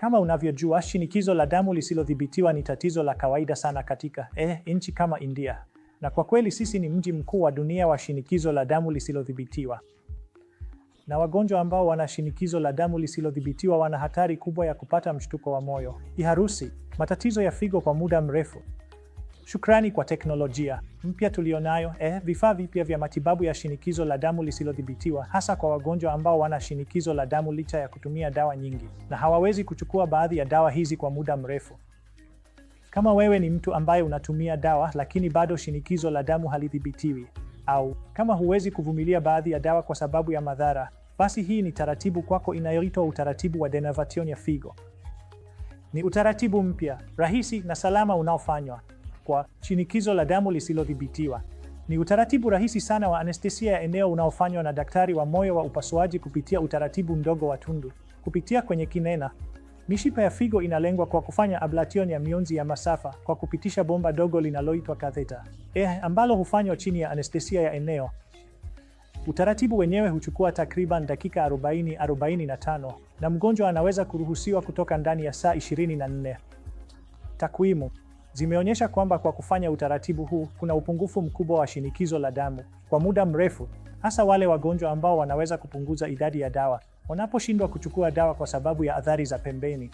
Kama unavyojua, shinikizo la damu lisilodhibitiwa ni tatizo la kawaida sana katika eh, nchi kama India, na kwa kweli sisi ni mji mkuu wa dunia wa shinikizo la damu lisilodhibitiwa, na wagonjwa ambao wana shinikizo la damu lisilodhibitiwa wana hatari kubwa ya kupata mshtuko wa moyo, kiharusi, matatizo ya figo kwa muda mrefu Shukrani kwa teknolojia mpya tulionayo, eh, vifaa vipya vya matibabu ya shinikizo la damu lisilodhibitiwa, hasa kwa wagonjwa ambao wana shinikizo la damu licha ya kutumia dawa nyingi na hawawezi kuchukua baadhi ya dawa hizi kwa muda mrefu. Kama wewe ni mtu ambaye unatumia dawa lakini bado shinikizo la damu halidhibitiwi, au kama huwezi kuvumilia baadhi ya dawa kwa sababu ya madhara, basi hii ni taratibu kwako inayoitwa utaratibu wa denervation ya figo. Ni utaratibu mpya, rahisi na salama unaofanywa kwa shinikizo la damu lisilodhibitiwa. Ni utaratibu rahisi sana wa anestesia ya eneo unaofanywa na daktari wa moyo wa upasuaji kupitia utaratibu mdogo wa tundu kupitia kwenye kinena. Mishipa ya figo inalengwa kwa kufanya ablation ya mionzi ya masafa kwa kupitisha bomba dogo linaloitwa katheta, eh, ambalo hufanywa chini ya anestesia ya eneo. Utaratibu wenyewe huchukua takriban dakika 40 45, na mgonjwa anaweza kuruhusiwa kutoka ndani ya saa 24. Takwimu zimeonyesha kwamba kwa kufanya utaratibu huu kuna upungufu mkubwa wa shinikizo la damu kwa muda mrefu, hasa wale wagonjwa ambao wanaweza kupunguza idadi ya dawa wanaposhindwa kuchukua dawa kwa sababu ya athari za pembeni.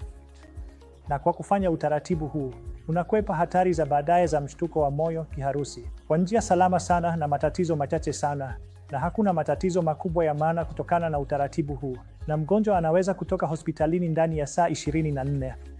Na kwa kufanya utaratibu huu unakwepa hatari za baadaye za mshtuko wa moyo, kiharusi, kwa njia salama sana na matatizo machache sana, na hakuna matatizo makubwa ya maana kutokana na utaratibu huu, na mgonjwa anaweza kutoka hospitalini ndani ya saa 24.